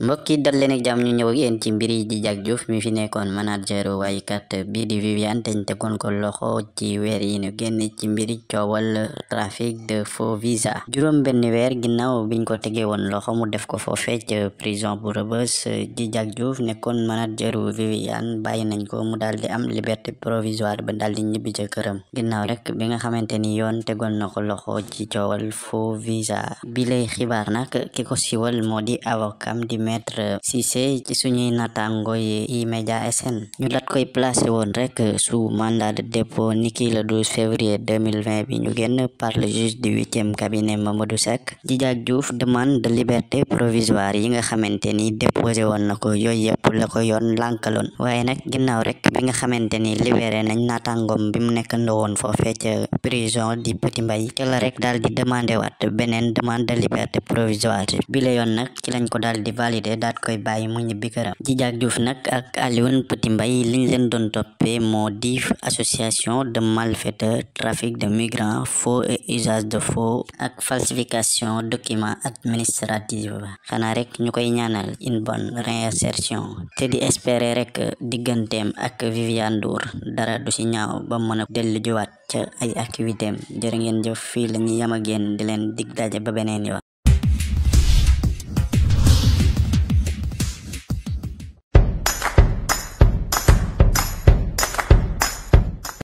mbokki dal leen ak jàmm ñu ñëw yéen ci mbiri di Diack Diouf mi fi nekkoon manager waykat bii di Viviane te ñu ko loxo ci weer yi ñu génn ci mbiri coowal trafic de foo visa juróom benn weer ginnaaw biñ ko tegee woon loxo mu def ko foofee ca prison bu Rebeuss di Diack Diouf nekkoon manager Viviane bàyyi nañ ko mu daal di am liberté provisoire ba daal di ñibbi ca këram ginnaaw rek bi nga xamante ni yoon tegoon na ko loxo ci coowal faux visa bi xibaar nag ki ko siwal moo di maître Cissé ci suñuy natango yi E-Media SN ñu dat koy placé woon rek su mandat de dépôt niki le 12 février 2020 bi ñu génn par le juge du huitième cabinet Mamadou Seck Djidia Diouf demande de liberté provisoire yi nga xamante ni déposé woon na ko yooyu yëpp la ko yoon lànkaloon waaye nag ginnaaw rek bi nga xamante ni libéré nañ natangoom bi mu nekk ndawoon foofee ca prison di Petit Mbay ca la rek daal di demandé wat beneen demande de liberté provisoire bi yoon nag localité daat koy bàyyi mu ñibbi këram Djidiack Diouf nag ak Alioune Petit Mbaye liñ leen doon toppee moo association de malfaiteurs trafic de migrants faux et usage de faux ak falsification document administratif xanaa rek ñu koy ñaanal une bonne réinsertion te di espérer rek digganteem ak Viviane Ndour dara du ci ñaaw ba mën a dellu jiwaat ca ay activité am jërë ngeen jëf fii la ñuy yam ak yéen di leen dig daje ba beneen yoon